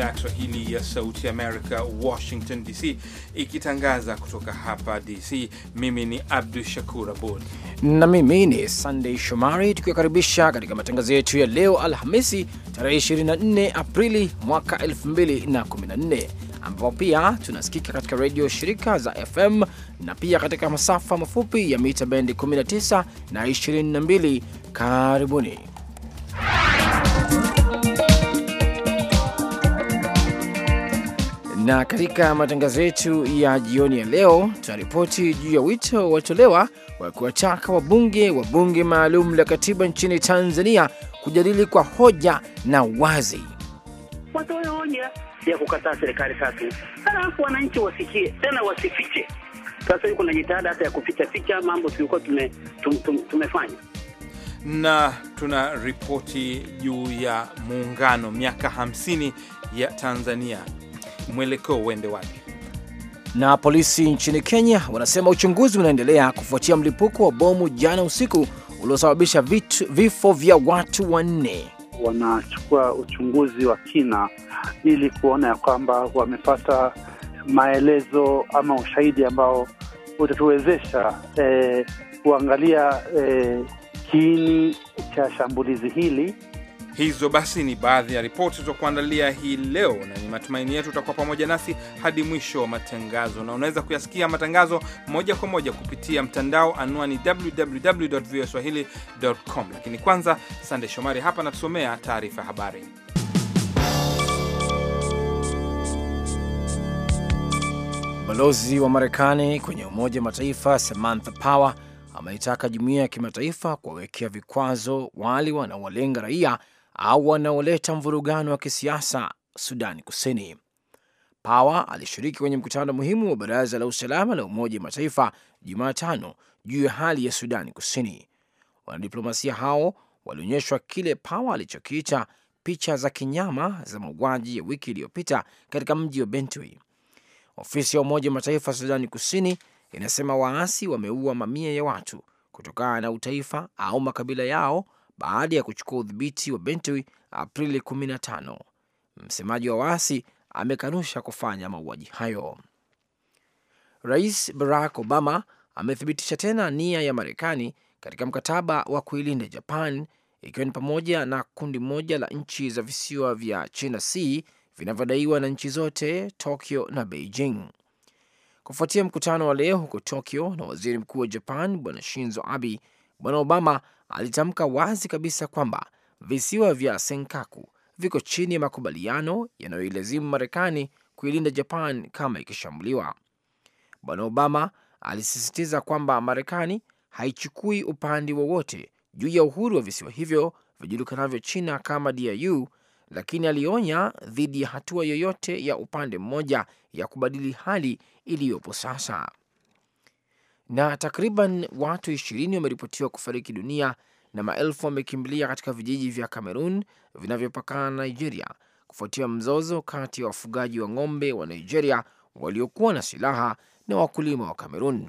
idhaa ya Kiswahili ya Sauti Amerika, Washington DC, ikitangaza kutoka hapa DC. Mimi ni Abdu Shakur Abud na mimi ni Sandey Shomari, tukiwakaribisha katika matangazo yetu ya leo Alhamisi tarehe 24 Aprili mwaka 2014 ambapo pia tunasikika katika redio shirika za FM na pia katika masafa mafupi ya mita bendi 19 na 22. Karibuni. Na katika matangazo yetu ya jioni ya leo tunaripoti juu ya wito watolewa wa kuwataka wabunge wa bunge maalum la katiba nchini Tanzania kujadili kwa hoja na wazi, ya kukataa serikali tatu, halafu wananchi wasikie tena, wasifiche. Sasa hiyo na jitihada hata ya kufichaficha mambo tulikuwa tume, tum, tum, tumefanya na tuna ripoti juu ya muungano miaka 50 ya Tanzania mwelekeo uende wapi. Na polisi nchini Kenya wanasema uchunguzi unaendelea kufuatia mlipuko wa bomu jana usiku uliosababisha vifo vya watu wanne. Wanachukua uchunguzi wa kina ili kuona ya kwamba wamepata maelezo ama ushahidi ambao utatuwezesha eh, kuangalia eh, kiini cha shambulizi hili. Hizo basi ni baadhi ya ripoti kuandalia hii leo, na ni matumaini yetu utakuwa pamoja nasi hadi mwisho wa matangazo, na unaweza kuyasikia matangazo moja kwa moja kupitia mtandao, anwani www.voaswahili.com. Lakini kwanza, Sande Shomari hapa anatusomea taarifa ya habari. Balozi wa Marekani kwenye Umoja wa Mataifa Samantha Power ameitaka jumuiya ya kimataifa kuwawekea vikwazo wale wanaowalenga raia au wanaoleta mvurugano wa kisiasa Sudani Kusini. pawa alishiriki kwenye mkutano muhimu wa Baraza la Usalama la Umoja wa Mataifa Jumatano juu ya hali ya Sudani Kusini. Wanadiplomasia hao walionyeshwa kile pawa alichokiita picha za kinyama za mauaji ya wiki iliyopita katika mji wa bentw Ofisi ya Umoja wa Mataifa Sudani Kusini inasema waasi wameua mamia ya watu kutokana na utaifa au makabila yao baada ya kuchukua udhibiti wa Bentui Aprili 15. Msemaji wa waasi amekanusha kufanya mauaji hayo. Rais Barack Obama amethibitisha tena nia ya Marekani katika mkataba wa kuilinda Japan, ikiwa ni pamoja na kundi moja la nchi za visiwa vya China Sea vinavyodaiwa na nchi zote Tokyo na Beijing. Kufuatia mkutano wa leo huko Tokyo na waziri mkuu wa Japan Bwana Shinzo Abe, Bwana Obama alitamka wazi kabisa kwamba visiwa vya Senkaku viko chini ya makubaliano yanayoilazimu Marekani kuilinda Japan kama ikishambuliwa. Bwana Obama alisisitiza kwamba Marekani haichukui upande wowote juu ya uhuru wa visiwa hivyo vijulikanavyo China kama Diu, lakini alionya dhidi ya hatua yoyote ya upande mmoja ya kubadili hali iliyopo sasa na takriban watu ishirini wameripotiwa kufariki dunia na maelfu wamekimbilia katika vijiji vya Cameroon vinavyopakana na Nigeria kufuatia mzozo kati ya wafugaji wa ng'ombe wa Nigeria waliokuwa na silaha na wakulima wa Cameroon.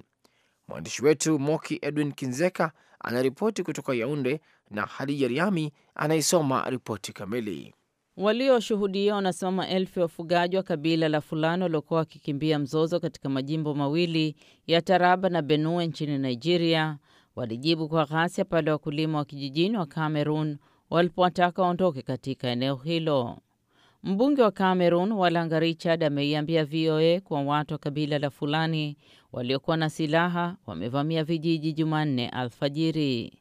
Mwandishi wetu Moki Edwin Kinzeka anaripoti kutoka Yaunde na Hadija Riami anayesoma ripoti kamili. Walioshuhudia wanasema maelfu ya wafugaji wa kabila la Fulani waliokuwa wakikimbia mzozo katika majimbo mawili ya Taraba na Benue nchini Nigeria walijibu kwa ghasia pale wakulima wa kijijini wa Cameroon walipowataka waondoke katika eneo hilo. Mbunge wa Cameroon Walanga Richard ameiambia VOA kwa watu wa kabila la Fulani waliokuwa na silaha wamevamia vijiji Jumanne alfajiri.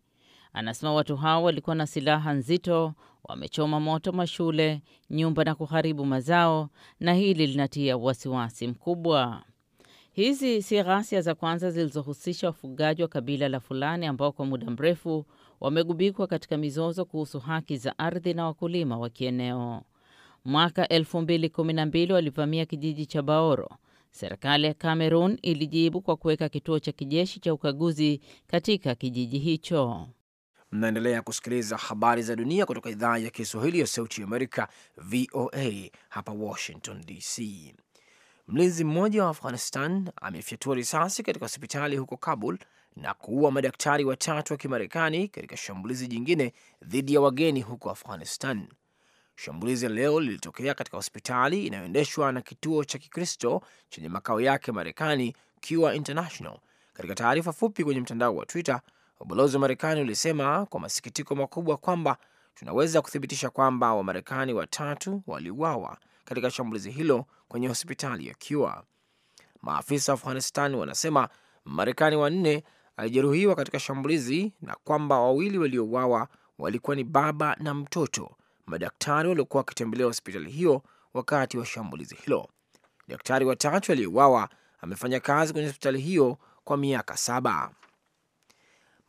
Anasema watu hao walikuwa na silaha nzito, wamechoma moto mashule, nyumba na kuharibu mazao, na hili linatia wasiwasi mkubwa. Hizi si ghasia za kwanza zilizohusisha wafugaji wa kabila la Fulani ambao kwa muda mrefu wamegubikwa katika mizozo kuhusu haki za ardhi na wakulima wa kieneo. Mwaka 2012 walivamia kijiji cha Baoro. Serikali ya Kamerun ilijibu kwa kuweka kituo cha kijeshi cha ukaguzi katika kijiji hicho. Mnaendelea kusikiliza habari za dunia kutoka idhaa ya Kiswahili ya Sauti ya Amerika, VOA hapa Washington DC. Mlinzi mmoja wa Afghanistan amefyatua risasi katika hospitali huko Kabul na kuua madaktari watatu wa Kimarekani katika shambulizi jingine dhidi ya wageni huko Afghanistan. Shambulizi leo lilitokea katika hospitali inayoendeshwa na kituo cha Kikristo chenye makao yake Marekani, Cure International. Katika taarifa fupi kwenye mtandao wa Twitter, Ubalozi wa Marekani ulisema kwa masikitiko makubwa kwamba tunaweza kuthibitisha kwamba Wamarekani watatu waliuawa katika shambulizi hilo kwenye hospitali ya Cure. Maafisa wa Afghanistan wanasema Marekani wanne alijeruhiwa katika shambulizi na kwamba wawili waliouawa walikuwa ni baba na mtoto, madaktari waliokuwa wakitembelea hospitali hiyo wakati wa shambulizi hilo. Daktari watatu aliyeuawa amefanya kazi kwenye hospitali hiyo kwa miaka saba.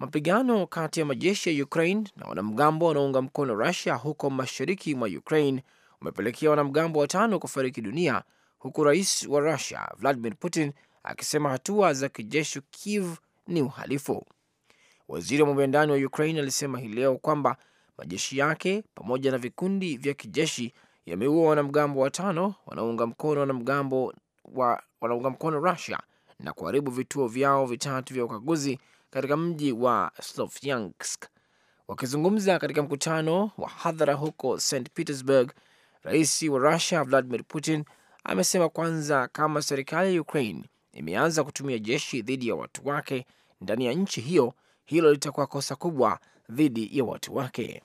Mapigano kati ya majeshi ya Ukraine na wanamgambo wanaounga mkono Rusia huko mashariki mwa Ukraine umepelekea wanamgambo watano kufariki dunia, huku rais wa Rusia Vladimir Putin akisema hatua za kijeshi Kiev ni uhalifu. Waziri wa mambo ya ndani wa Ukraine alisema hii leo kwamba majeshi yake pamoja na vikundi vya kijeshi yameua wanamgambo watano wanaunga mkono wanamgambo wa wanaunga mkono Rusia na kuharibu vituo vyao vitatu vya ukaguzi katika mji wa slovyansk Wakizungumza katika mkutano wa hadhara huko St Petersburg, rais wa Russia Vladimir Putin amesema kwanza kama serikali ya Ukraine imeanza kutumia jeshi dhidi ya watu wake ndani ya nchi hiyo, hilo litakuwa kosa kubwa dhidi ya watu wake.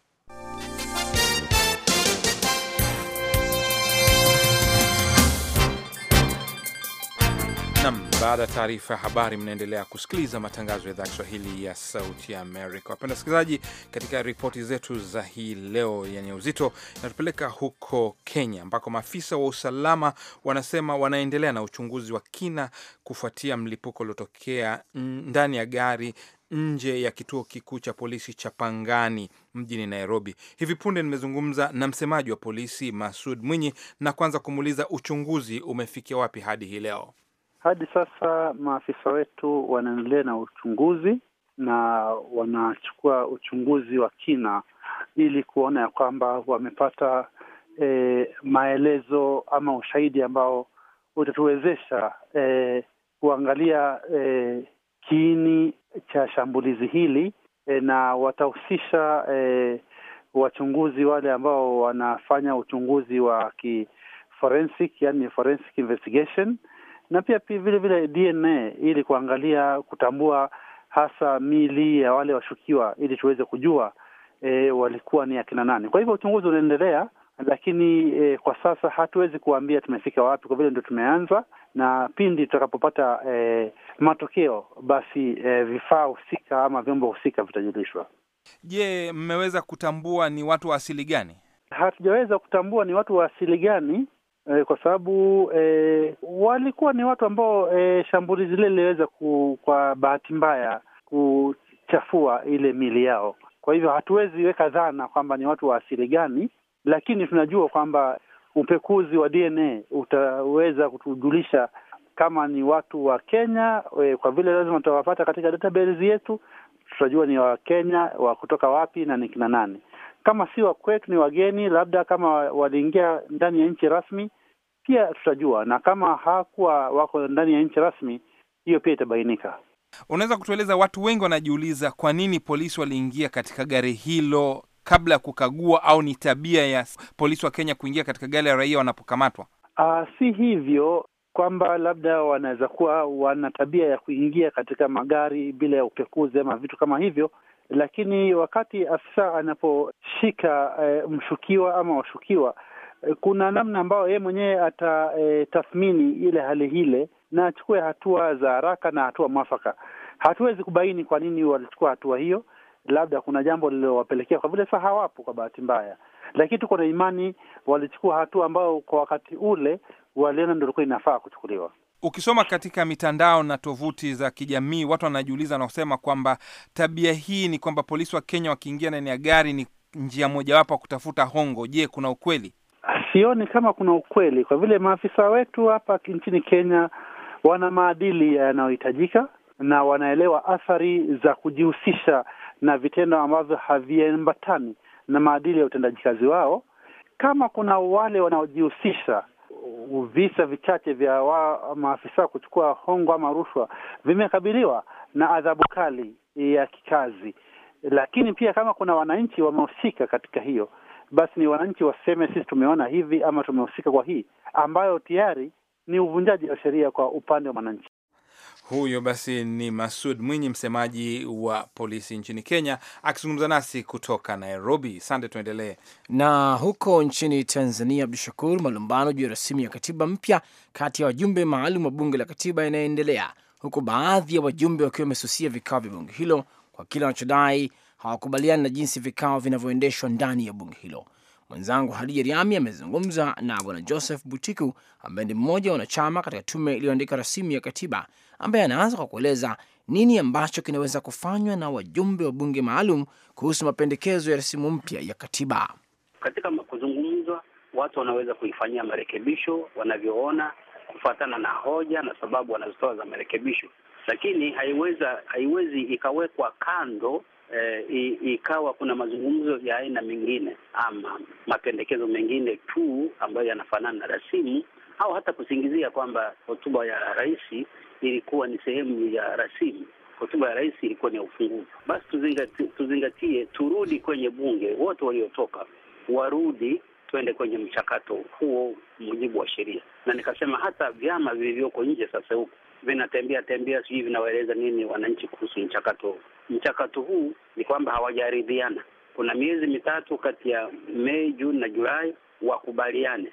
Baada ya taarifa ya habari, mnaendelea kusikiliza matangazo ya idhaa Kiswahili ya Sauti ya Amerika. Wapenda wasikilizaji, katika ripoti zetu za hii leo yenye uzito, inatupeleka huko Kenya ambako maafisa wa usalama wanasema wanaendelea na uchunguzi wa kina kufuatia mlipuko uliotokea ndani ya gari nje ya kituo kikuu cha polisi cha Pangani mjini Nairobi. Hivi punde nimezungumza na msemaji wa polisi Masud Mwinyi na kwanza kumuuliza uchunguzi umefikia wapi hadi hii leo. Hadi sasa maafisa wetu wanaendelea na uchunguzi na wanachukua uchunguzi wa kina ili kuona ya kwamba wamepata e, maelezo ama ushahidi ambao utatuwezesha e, kuangalia e, kiini cha shambulizi hili e, na watahusisha e, wachunguzi wale ambao wanafanya uchunguzi wa ki forensic, yani forensic investigation na pia pia vile vile DNA ili kuangalia kutambua hasa mili ya wale washukiwa ili tuweze kujua e, walikuwa ni akina nani. Kwa hivyo uchunguzi unaendelea, lakini e, kwa sasa hatuwezi kuambia tumefika wapi, kwa vile ndio tumeanza, na pindi tutakapopata e, matokeo basi e, vifaa husika ama vyombo husika vitajulishwa. Je, mmeweza kutambua ni watu wa asili gani? Hatujaweza kutambua ni watu wa asili gani, e, kwa sababu e, walikuwa ni watu ambao e, shambulizi lile liliweza kwa bahati mbaya kuchafua ile mili yao. Kwa hivyo hatuwezi weka dhana kwamba ni watu wa asili gani, lakini tunajua kwamba upekuzi wa DNA utaweza kutujulisha kama ni watu wa Kenya we, kwa vile lazima tutawapata katika database yetu, tutajua ni Wakenya wa kutoka wapi na ni kina nani. Kama si wa kwetu, ni wageni, labda kama waliingia ndani ya nchi rasmi, pia tutajua, na kama hawakuwa wako ndani ya nchi rasmi, hiyo pia itabainika. Unaweza kutueleza, watu wengi wanajiuliza kwa nini polisi waliingia katika gari hilo kabla ya kukagua, au ni tabia ya polisi wa Kenya kuingia katika gari ya raia wanapokamatwa? Uh, si hivyo kwamba labda wanaweza kuwa wana tabia ya kuingia katika magari bila ya upekuzi ama vitu kama hivyo, lakini wakati afisa anaposhika e, mshukiwa ama washukiwa e, kuna namna ambayo yeye mwenyewe atatathmini eh, e, ile hali hile na achukue hatua za haraka na hatua mwafaka. Hatuwezi kubaini kwa nini walichukua hatua hiyo, labda kuna jambo lililowapelekea, kwa vile sasa hawapo kwa bahati mbaya, lakini tuko na imani walichukua hatua ambayo kwa wakati ule waliona ndo ilikuwa inafaa kuchukuliwa. Ukisoma katika mitandao na tovuti za kijamii, watu wanajiuliza na kusema kwamba tabia hii ni kwamba polisi wa Kenya wakiingia ndani ya gari ni njia mojawapo ya kutafuta hongo. Je, kuna ukweli? Sioni kama kuna ukweli, kwa vile maafisa wetu hapa nchini Kenya wana maadili yanayohitajika na wanaelewa athari za kujihusisha na vitendo ambavyo haviambatani na maadili ya utendaji kazi wao. Kama kuna wale wanaojihusisha visa vichache vya wa, maafisa kuchukua hongo ama rushwa vimekabiliwa na adhabu kali ya kikazi, lakini pia kama kuna wananchi wamehusika katika hiyo, basi ni wananchi waseme sisi tumeona hivi ama tumehusika kwa hii, ambayo tayari ni uvunjaji wa sheria kwa upande wa mwananchi. Huyo basi ni Masud Mwinyi, msemaji wa polisi nchini Kenya, akizungumza nasi kutoka Nairobi. Sande, tuendelee na huko nchini Tanzania. Abdu Shakur, malumbano juu ya rasimu ya katiba mpya kati ya wajumbe maalum wa bunge la katiba inayoendelea huku baadhi ya wajumbe wakiwa wamesusia vikao vya bunge hilo kwa kile wanachodai hawakubaliani na jinsi vikao vinavyoendeshwa ndani ya bunge hilo. Mwenzangu Hadija Riami amezungumza na Bwana Joseph Butiku ambaye ni mmoja wa wanachama katika tume iliyoandika rasimu ya katiba, ambaye anaanza kwa kueleza nini ambacho kinaweza kufanywa na wajumbe wa bunge maalum kuhusu mapendekezo ya rasimu mpya ya katiba. Katika kuzungumzwa, watu wanaweza kuifanyia marekebisho wanavyoona kufuatana na hoja na sababu wanazotoa za marekebisho, lakini haiweza haiwezi ikawekwa kando eh, ikawa kuna mazungumzo ya aina mengine ama mapendekezo mengine tu ambayo yanafanana na rasimu au hata kusingizia kwamba hotuba ya rais ilikuwa ni sehemu ya rasimu. Hotuba ya rais ilikuwa ni ya ufunguzi. Basi tuzingatie, tuzingatie, turudi kwenye bunge, wote waliotoka warudi, tuende kwenye mchakato huo mujibu wa sheria. Na nikasema hata vyama vilivyoko nje sasa huku vinatembea tembea, sijui vinawaeleza nini wananchi kuhusu mchakato mchakato huu ni kwamba hawajaridhiana. Kuna miezi mitatu kati ya Mei, Juni na Julai wakubaliane,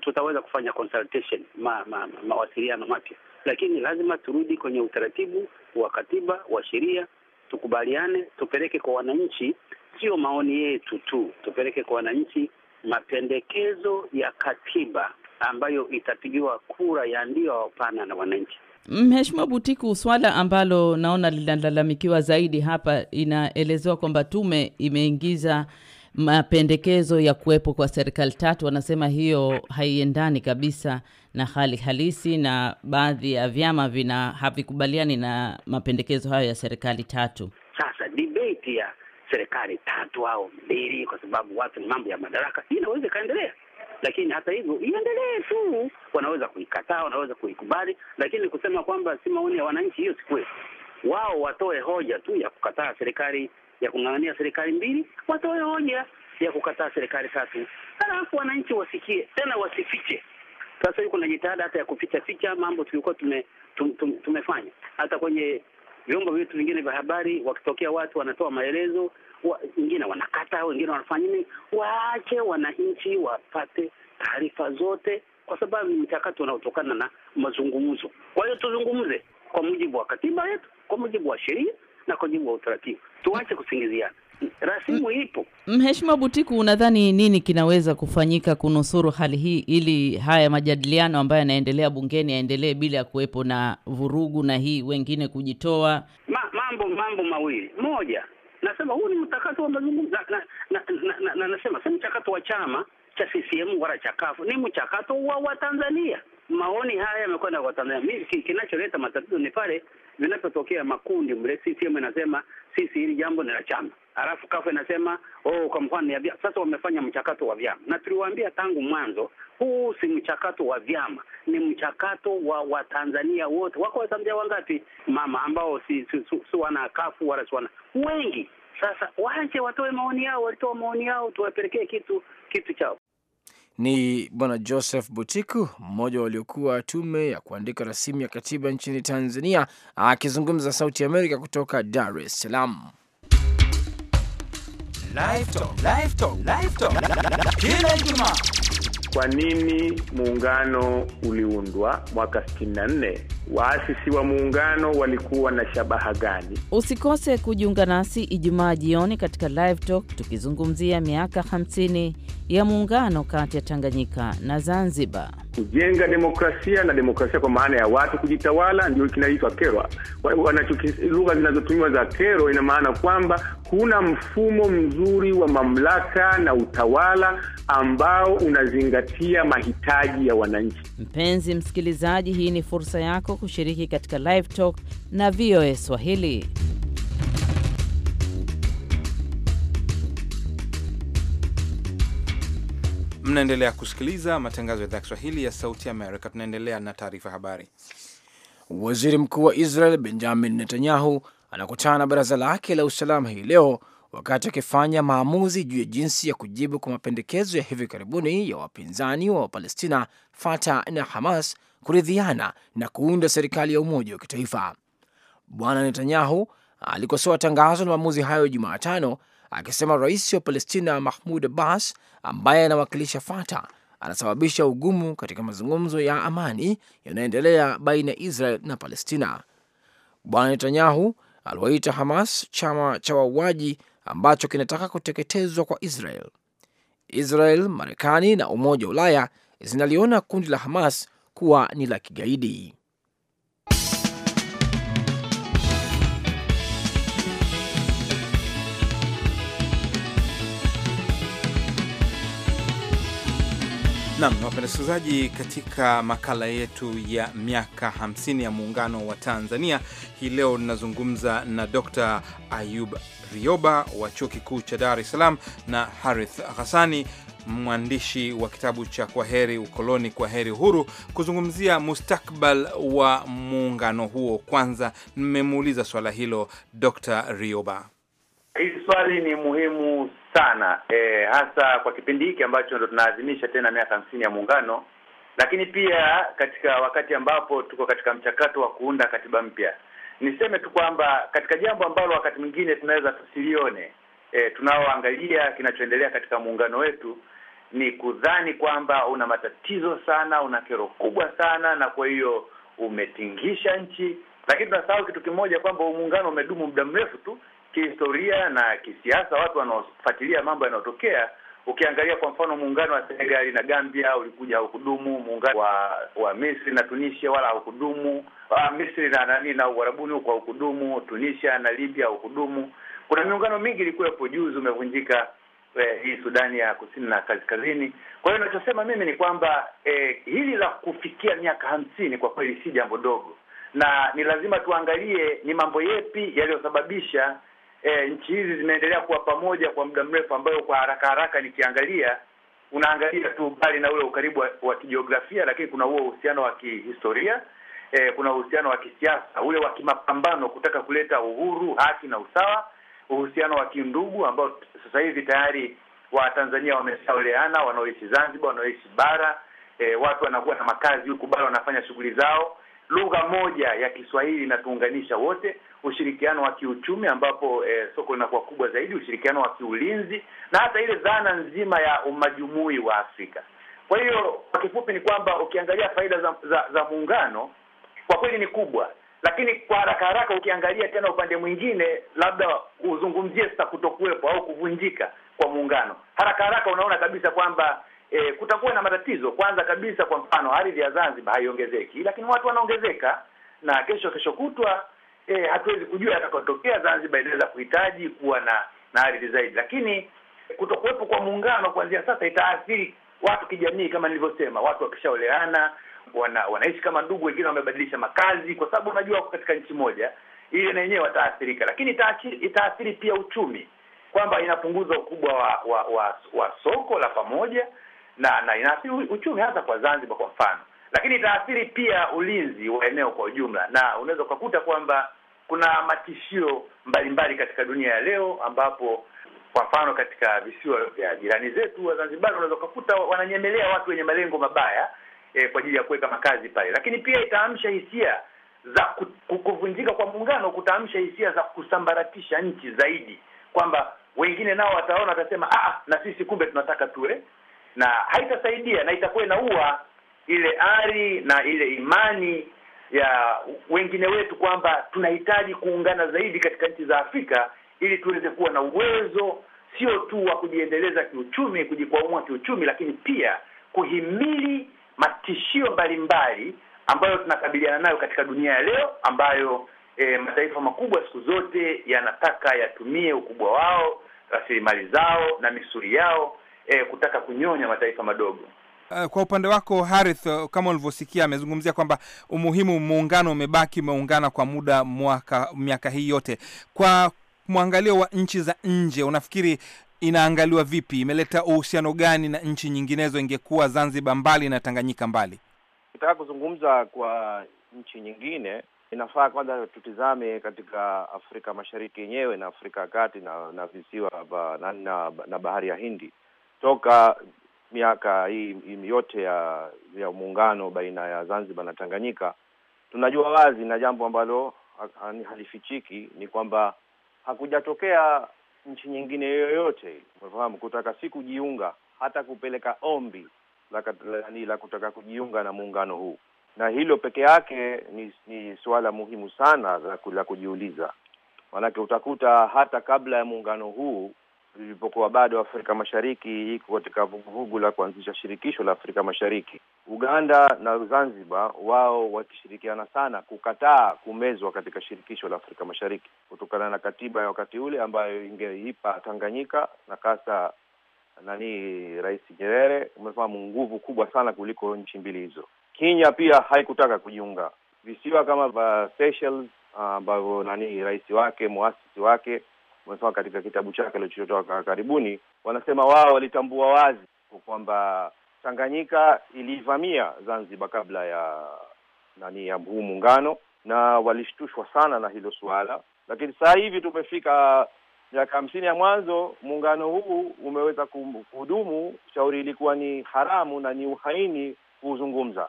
tutaweza kufanya consultation, ma, ma, ma, mawasiliano mapya, lakini lazima turudi kwenye utaratibu wa katiba wa sheria, tukubaliane, tupeleke kwa wananchi, sio maoni yetu tu, tupeleke kwa wananchi mapendekezo ya katiba ambayo itapigiwa kura ya ndio au hapana na wananchi. Mheshimiwa Butiku, swala ambalo naona linalalamikiwa zaidi hapa, inaelezewa kwamba tume imeingiza mapendekezo ya kuwepo kwa serikali tatu. Wanasema hiyo haiendani kabisa na hali halisi, na baadhi ya vyama vina havikubaliani na mapendekezo hayo ya serikali tatu. Sasa debate ya serikali tatu au mbili, kwa sababu watu ni mambo ya madaraka, hii inaweza ikaendelea. Lakini hata hivyo iendelee tu, wanaweza kuikataa, wanaweza kuikubali, lakini kusema kwamba si maoni ya wananchi, hiyo si kweli. Wao watoe hoja tu ya kukataa serikali ya kung'ang'ania serikali mbili, watoe hoja ya kukataa serikali tatu, halafu wananchi wasikie, tena wasifiche. Sasa hiyo kuna jitihada hata ya kuficha ficha mambo tulikuwa tume, tum, tum, tumefanya hata kwenye vyombo vyetu vingine vya habari, wakitokea watu wanatoa maelezo wa, wengine wanakata, wengine wanafanya nini, waache wananchi wapate taarifa zote, kwa sababu ni mchakato unaotokana na mazungumzo. Kwa hiyo tuzungumze kwa mujibu wa katiba yetu, kwa mujibu wa sheria na kwa mujibu wa utaratibu, tuache kusingiziana rasimu ipo. Mheshimiwa Butiku, unadhani nini kinaweza kufanyika kunusuru hali hii ili haya majadiliano ambayo yanaendelea bungeni yaendelee bila ya kuwepo na vurugu na hii wengine kujitoa? Ma, mambo mambo mawili. Moja, nasema huu ni mchakato wa mazungumzo na, na, na, na, na, nasema si mchakato wa chama cha CCM wala cha CUF, ni mchakato wa Watanzania. Maoni haya yamekwenda kwa Tanzania. Mimi kinacholeta matatizo ni pale vinapotokea makundi mle. CCM inasema sisi hili jambo ni la chama alafu kafu inasema oh, kwa mfano ya vyama. Sasa wamefanya mchakato wa vyama, na tuliwaambia tangu mwanzo, huu si mchakato wa vyama, ni mchakato wa Watanzania wote. Wako Watanzania wangapi mama ambao si, si, si, si wana kafu wala si wana wengi? Sasa waache watoe maoni yao, walitoa maoni yao, tuwapelekee kitu kitu chao. Ni Bwana Joseph Butiku, mmoja waliokuwa tume ya kuandika rasimu ya katiba nchini Tanzania, akizungumza Sauti ya Amerika kutoka Dar es Salaam kila Ijumaa. Kwa nini muungano uliundwa mwaka 64? Waasisi wa muungano walikuwa na shabaha gani? Usikose kujiunga nasi Ijumaa jioni katika Live Talk tukizungumzia miaka 50 ya muungano kati ya Tanganyika na Zanzibar. Kujenga demokrasia na demokrasia kwa maana ya watu kujitawala, ndio kinaitwa kerwa. lugha zinazotumiwa za kero, ina maana kwamba kuna mfumo mzuri wa mamlaka na utawala ambao unazingatia mahitaji ya wananchi. Mpenzi msikilizaji, hii ni fursa yako kushiriki katika Live Talk na VOA Swahili. Mnaendelea kusikiliza matangazo ya idhaa Kiswahili ya Sauti Amerika. Tunaendelea na taarifa habari. Waziri Mkuu wa Israel Benjamin Netanyahu anakutana na baraza lake la usalama hii leo wakati akifanya maamuzi juu ya jinsi ya kujibu kwa mapendekezo ya hivi karibuni ya wapinzani wa Wapalestina Fatah na Hamas kuridhiana na kuunda serikali ya umoja wa kitaifa. Bwana Netanyahu alikosoa tangazo la maamuzi hayo Jumatano akisema rais wa Palestina Mahmud Abbas ambaye anawakilisha Fatah anasababisha ugumu katika mazungumzo ya amani yanayoendelea baina ya Israel na Palestina. Bwana Netanyahu aliwaita Hamas chama cha wauaji ambacho kinataka kuteketezwa kwa Israel. Israel, Marekani na Umoja wa Ulaya zinaliona kundi la Hamas kuwa ni la kigaidi. Nam wapenda wasikilizaji, katika makala yetu ya miaka 50 ya muungano wa Tanzania hii leo ninazungumza na Dr Ayub Rioba wa chuo kikuu cha Dar es Salaam na Harith hasani mwandishi wa kitabu cha Kwaheri Ukoloni, Kwaheri Uhuru, kuzungumzia mustakbal wa muungano huo. Kwanza nimemuuliza swala hilo Dr Rioba. Hili swali ni muhimu sana e, hasa kwa kipindi hiki ambacho ndo tunaadhimisha tena miaka hamsini ya Muungano, lakini pia katika wakati ambapo tuko katika mchakato wa kuunda katiba mpya. Niseme tu kwamba katika jambo ambalo wakati mwingine tunaweza tusilione, e, tunaoangalia kinachoendelea katika muungano wetu ni kudhani kwamba una matatizo sana, una kero kubwa sana, na kwa hiyo umetingisha nchi, lakini tunasahau kitu kimoja kwamba muungano umedumu muda mrefu tu kihistoria na kisiasa, watu wanaofuatilia mambo yanayotokea Ukiangalia kwa mfano muungano wa Senegali na Gambia ulikuja haukudumu, muungano wa wa Misri na Tunisia wala haukudumu, wa ah, Misri na nani na Uarabuni huko haukudumu, Tunisia na Libya haukudumu. Kuna miungano mingi ilikuwepo, juzi umevunjika eh, hii Sudani ya kusini na kaskazini. Kwa hiyo ninachosema mimi ni kwamba eh, hili la kufikia miaka hamsini kwa kweli si jambo dogo, na ni lazima tuangalie ni mambo yepi yaliyosababisha e, nchi hizi zimeendelea kuwa pamoja kwa muda mrefu, ambayo kwa haraka haraka nikiangalia, unaangalia tu mbali na ule ukaribu wa, wa kijiografia, lakini kuna huo uhusiano wa kihistoria e, kuna uhusiano wa kisiasa ule wa kimapambano, kutaka kuleta uhuru, haki na usawa, uhusiano wa kindugu ambao sasa hivi tayari Watanzania wameshaoleana, wanaoishi Zanzibar, wanaoishi bara e, watu wanakuwa na makazi huku bara, wanafanya shughuli zao lugha moja ya Kiswahili inatuunganisha wote, ushirikiano wa kiuchumi ambapo eh, soko linakuwa kubwa zaidi, ushirikiano wa kiulinzi na hata ile dhana nzima ya umajumui wa Afrika. Kwa hiyo kwa kifupi ni kwamba ukiangalia faida za, za, za muungano kwa kweli ni kubwa, lakini kwa haraka haraka ukiangalia tena upande mwingine, labda uzungumzie sasa kutokuwepo au kuvunjika kwa muungano, haraka haraka unaona kabisa kwamba e, kutakuwa na matatizo. Kwanza kabisa, kwa mfano, ardhi ya Zanzibar haiongezeki, lakini watu wanaongezeka, na kesho kesho kutwa e, hatuwezi kujua atakotokea Zanzibar inaweza kuhitaji kuwa na na ardhi zaidi, lakini kutokuwepo kwa muungano kuanzia sasa itaathiri watu kijamii, kama nilivyosema, watu wakishaoleana wana, wanaishi kama ndugu, wengine wamebadilisha makazi, kwa sababu unajua wako katika nchi moja ile na yenyewe wataathirika, lakini itaathiri, itaathiri pia uchumi kwamba inapunguza ukubwa wa wa, wa, wa soko la pamoja na na inaathiri uchumi hasa kwa Zanzibar kwa mfano, lakini itaathiri pia ulinzi wa eneo kwa ujumla, na unaweza ukakuta kwamba kuna matishio mbalimbali katika dunia ya leo ambapo kwa mfano katika visiwa vya jirani zetu wa Zanzibar unaweza ukakuta wananyemelea watu wenye malengo mabaya eh, kwa ajili ya kuweka makazi pale, lakini pia itaamsha hisia za kuvunjika kwa muungano, kutaamsha hisia za kusambaratisha nchi zaidi, kwamba wengine nao wataona watasema, ah, ah na sisi kumbe tunataka tuwe na haitasaidia na itakuwa inaua ile ari na ile imani ya wengine wetu kwamba tunahitaji kuungana zaidi katika nchi za Afrika ili tuweze kuwa na uwezo sio tu wa kujiendeleza kiuchumi, kujikwamua kiuchumi, lakini pia kuhimili matishio mbalimbali ambayo tunakabiliana nayo katika dunia ya leo ambayo e, mataifa makubwa siku zote yanataka yatumie ukubwa wao, rasilimali zao na misuri yao eh, kutaka kunyonya mataifa madogo. Eh, kwa upande wako Harith, kama ulivyosikia, amezungumzia kwamba umuhimu muungano umebaki umeungana kwa muda mwaka miaka hii yote. Kwa mwangalio wa nchi za nje, unafikiri inaangaliwa vipi? Imeleta uhusiano gani na nchi nyinginezo? Ingekuwa Zanzibar mbali na Tanganyika mbali, nataka kuzungumza kwa nchi nyingine, inafaa kwanza tutizame katika Afrika Mashariki yenyewe na Afrika ya Kati na na visiwa ba, na, na, na bahari ya Hindi toka miaka hii, hii yote ya ya muungano baina ya Zanzibar na Tanganyika, tunajua wazi na jambo ambalo halifichiki ni kwamba hakujatokea nchi nyingine yoyote, unafahamu, kutaka si kujiunga hata kupeleka ombi la, la, kutaka kujiunga na muungano huu, na hilo peke yake ni, ni suala muhimu sana la, la kujiuliza, maanake utakuta hata kabla ya muungano huu lilipokuwa bado Afrika Mashariki iko katika vuguvugu la kuanzisha shirikisho la Afrika Mashariki. Uganda na Zanzibar wao wakishirikiana sana kukataa kumezwa katika shirikisho la Afrika Mashariki kutokana na katiba ya wakati ule ambayo ingeipa Tanganyika na kasa nani, Rais Nyerere, umefahamu, nguvu kubwa sana kuliko nchi mbili hizo. Kenya pia haikutaka kujiunga. Visiwa kama vya Seychelles ah, ambavyo nani, rais wake muasisi wake wamesema katika kitabu chake alichotoa karibuni, wanasema wao walitambua wazi kwamba Tanganyika ilivamia Zanzibar kabla ya nani ya huu muungano, na walishtushwa sana na hilo suala, lakini sasa hivi tumefika miaka hamsini ya mwanzo muungano huu umeweza kuhudumu. Shauri ilikuwa ni haramu na ni uhaini kuzungumza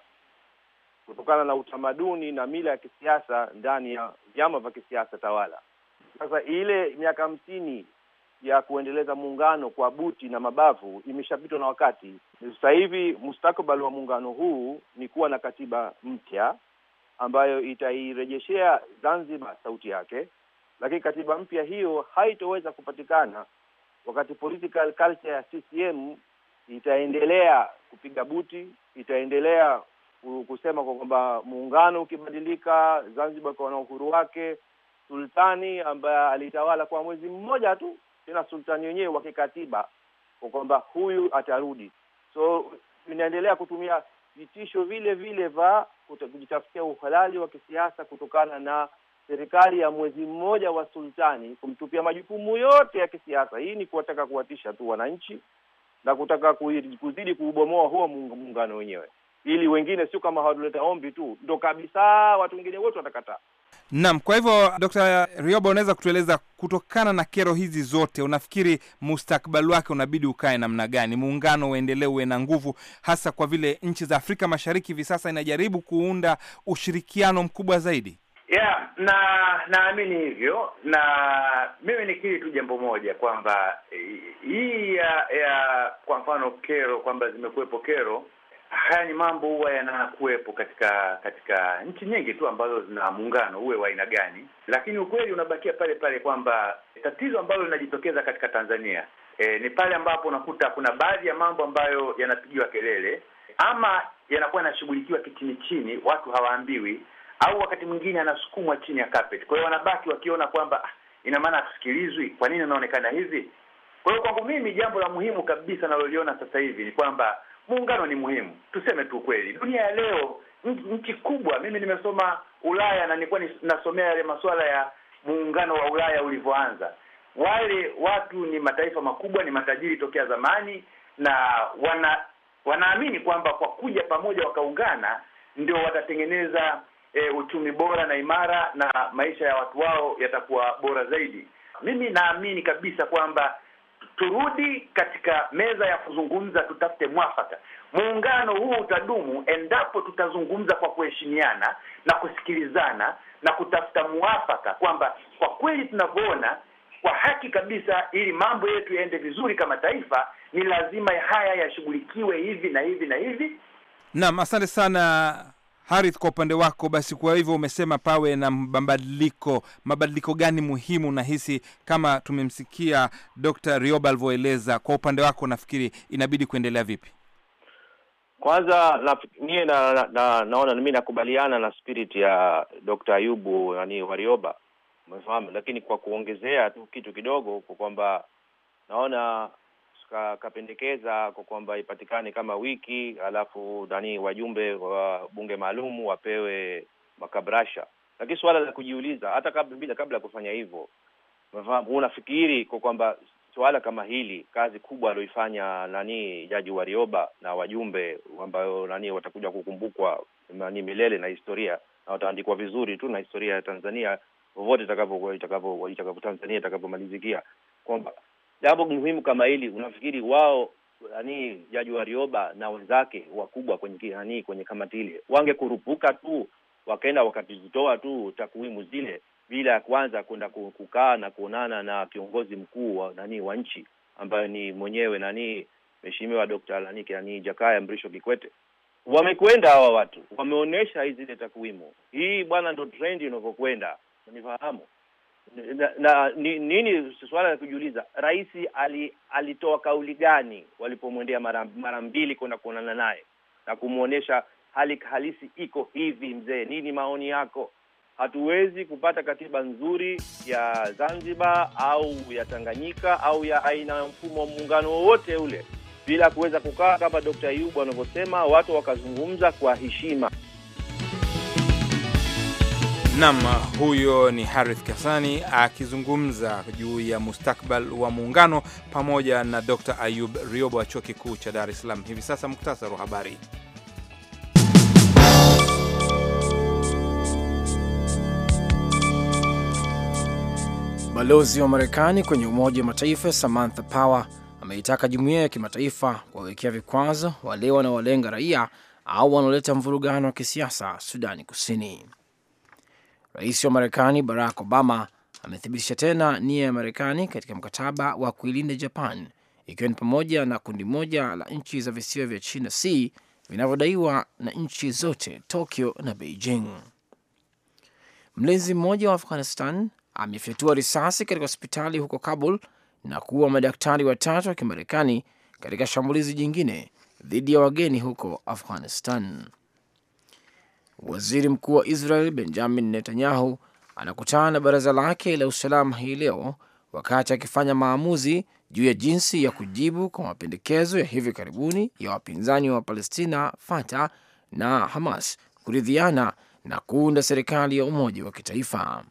kutokana na utamaduni na mila ya kisiasa ndani ya vyama vya kisiasa tawala. Sasa ile miaka hamsini ya kuendeleza muungano kwa buti na mabavu imeshapitwa na wakati. Sasa hivi mustakabali wa muungano huu ni kuwa na katiba mpya ambayo itairejeshea Zanzibar sauti yake, lakini katiba mpya hiyo haitoweza kupatikana wakati political culture ya CCM itaendelea kupiga buti, itaendelea kusema kwa kwamba muungano ukibadilika Zanzibar kwa na uhuru wake sultani ambaye alitawala kwa mwezi mmoja tu, tena sultani wenyewe wa kikatiba kwamba huyu atarudi. So inaendelea kutumia vitisho vile vile va kujitafutia uhalali wa kisiasa kutokana na serikali ya mwezi mmoja wa sultani kumtupia majukumu yote ya kisiasa. Hii ni kuwataka kuwatisha tu wananchi na kutaka kuzidi kuubomoa huo muungano wenyewe, ili wengine sio kama hawatuleta ombi tu, ndo kabisa watu wengine wote watakataa. Naam, kwa hivyo Dr. Rioba, unaweza kutueleza kutokana na kero hizi zote, unafikiri mustakbali wake unabidi ukae namna gani? Muungano uendelee uwe na nguvu, hasa kwa vile nchi za Afrika Mashariki hivi sasa inajaribu kuunda ushirikiano mkubwa zaidi. Yeah, na naamini hivyo, na mimi nikiri tu jambo moja kwamba eh, hii ya, ya kwa mfano kero kwamba zimekuwepo kero haya ni mambo huwa yanakuwepo katika katika nchi nyingi tu ambazo zina muungano uwe wa aina gani, lakini ukweli unabakia pale pale kwamba tatizo ambalo linajitokeza katika Tanzania e, ni pale ambapo unakuta kuna baadhi ya mambo ambayo yanapigiwa kelele ama yanakuwa yanashughulikiwa kichini chini, watu hawaambiwi, au wakati mwingine anasukumwa chini ya carpet. Kwa hiyo wanabaki wakiona kwamba ah, ina maana hatusikilizwi, kwa nini unaonekana hivi? Kwa hiyo kwangu mimi jambo la muhimu kabisa naloliona sasa hivi ni kwamba muungano ni muhimu, tuseme tu kweli. Dunia ya leo nchi kubwa, mimi nimesoma Ulaya na nilikuwa nasomea yale masuala ya muungano wa Ulaya ulivyoanza. Wale watu ni mataifa makubwa, ni matajiri tokea zamani, na wana wanaamini kwamba kwa kuja pamoja wakaungana ndio watatengeneza e, uchumi bora na imara na maisha ya watu wao yatakuwa bora zaidi. Mimi naamini kabisa kwamba turudi katika meza ya kuzungumza, tutafute mwafaka. Muungano huu utadumu endapo tutazungumza kwa kuheshimiana na kusikilizana na kutafuta mwafaka, kwamba kwa kweli tunavyoona kwa haki kabisa, ili mambo yetu yaende vizuri kama taifa, ni lazima haya yashughulikiwe hivi na hivi na hivi. Naam, asante sana Harith, kwa upande wako basi, kwa hivyo umesema pawe na mabadiliko. Mabadiliko gani muhimu nahisi kama tumemsikia Dr. Rioba alivyoeleza? Kwa upande wako nafikiri inabidi kuendelea vipi? Kwanza mie na, na, na, naona mi nakubaliana na spirit ya Dr. Ayubu yani Warioba, umefahamu. Lakini kwa kuongezea tu kitu kidogo, kwa kwamba naona kapendekeza kwa kwamba ipatikane kama wiki, alafu nani wajumbe wa bunge maalum wapewe makabrasha. Lakini suala la kujiuliza hata kabla, kabla ya kufanya hivyo, unafikiri kwa kwamba suala kama hili, kazi kubwa alioifanya nani Jaji Warioba na wajumbe ambayo nani watakuja kukumbukwa nani milele na historia na wataandikwa vizuri tu na historia ya Tanzania vovote itakapo itakapo Tanzania itakapomalizikia kwamba jambo muhimu kama hili, unafikiri wao yani Jaji Warioba na wenzake wakubwa kwenye nani kwenye kamati ile wangekurupuka tu wakaenda wakatizitoa tu takwimu zile bila ya kwanza kwenda kukaa na kuonana na kiongozi mkuu wa nani wa nchi ambayo ni mwenyewe nani Mheshimiwa Dr. nani nani Jakaya Mrisho Kikwete. Wamekwenda hawa watu, wameonyesha hizi zile takwimu. Hii bwana, ndo trend inavyokwenda, unifahamu na, na ni, nini suala la kujiuliza, rais ali, alitoa kauli gani walipomwendea mara mbili kwenda kuonana naye na kumwonyesha hali halisi iko hivi. Mzee, nini maoni yako? Hatuwezi kupata katiba nzuri ya Zanzibar au ya Tanganyika au ya aina ya mfumo wa muungano wowote ule bila kuweza kukaa kama Dkt. yubu anavyosema, watu wakazungumza kwa heshima nam huyo ni Harith Kasani akizungumza juu ya mustakbal wa muungano pamoja na Dr. Ayub Riobo wa Chuo Kikuu cha Dar es Salaam. Hivi sasa muktasari wa habari. Balozi wa Marekani kwenye Umoja wa Mataifa Samantha Power ameitaka jumuiya ya kimataifa kuwawekea vikwazo wale wanaolenga raia au wanaoleta mvurugano wa kisiasa Sudani Kusini. Rais wa Marekani Barack Obama amethibitisha tena nia ya Marekani katika mkataba wa kuilinda Japan, ikiwa ni pamoja na kundi moja la nchi za visiwa vya China sea vinavyodaiwa na nchi zote Tokyo na Beijing. Mlinzi mmoja wa Afghanistan amefyatua risasi katika hospitali huko Kabul na kuua madaktari watatu wa Kimarekani katika shambulizi jingine dhidi ya wageni huko Afghanistan. Waziri mkuu wa Israel Benjamin Netanyahu anakutana na baraza lake la usalama hii leo wakati akifanya maamuzi juu ya jinsi ya kujibu kwa mapendekezo ya hivi karibuni ya wapinzani wa Palestina Fatah na Hamas kuridhiana na kuunda serikali ya umoja wa kitaifa.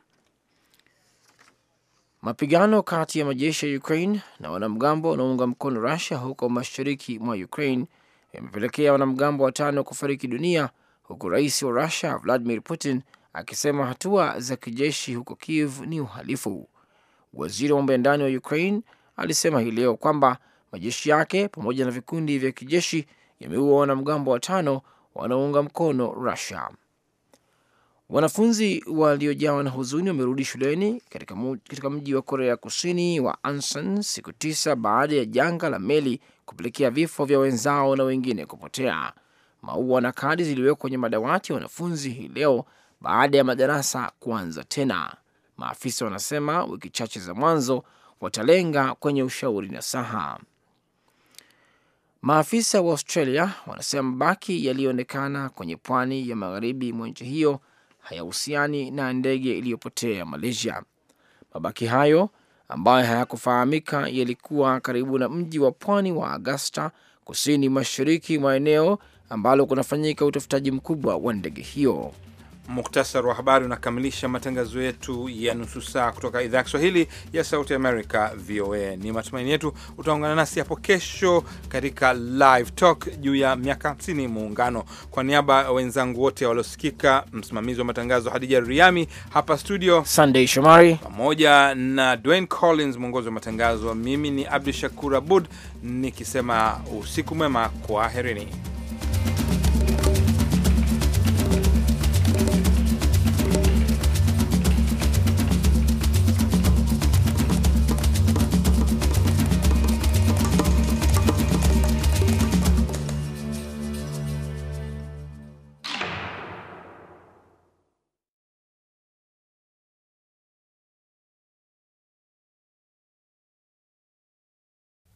Mapigano kati ya majeshi ya Ukraine na wanamgambo wanaounga mkono rasia huko mashariki mwa Ukraine yamepelekea wanamgambo watano kufariki dunia huku rais wa Rusia Vladimir Putin akisema hatua za kijeshi huko Kiev ni uhalifu. Waziri wa mambo ya ndani wa Ukraine alisema hii leo kwamba majeshi yake pamoja na vikundi vya kijeshi yameua wanamgambo watano wanaounga mkono Rusia. Wanafunzi waliojawa na huzuni wamerudi shuleni katika, katika mji wa Korea Kusini wa Ansan siku tisa baada ya janga la meli kupelekea vifo vya wenzao na wengine kupotea maua na kadi ziliwekwa kwenye madawati ya wanafunzi hii leo baada ya madarasa kuanza tena. Maafisa wanasema wiki chache za mwanzo watalenga kwenye ushauri na saha. Maafisa wa Australia wanasema mabaki yaliyoonekana kwenye pwani ya magharibi mwa nchi hiyo hayahusiani na ndege iliyopotea Malaysia. Mabaki hayo ambayo hayakufahamika yalikuwa karibu na mji wa pwani wa Augusta kusini mashariki mwa eneo ambalo kunafanyika utafutaji mkubwa wa ndege hiyo. Muktasar wa habari unakamilisha matangazo yetu ya nusu saa kutoka idhaa ya Kiswahili ya Sauti Amerika, VOA. Ni matumaini yetu utaungana nasi hapo kesho katika Live Talk juu ya miaka 50 Muungano. Kwa niaba ya wenzangu wote waliosikika, msimamizi wa matangazo Hadija Riami hapa studio, Sandey Shomari pamoja na Dwayne Collins mwongozi wa matangazo, mimi ni Abdu Shakur Abud nikisema usiku mwema, kwaherini.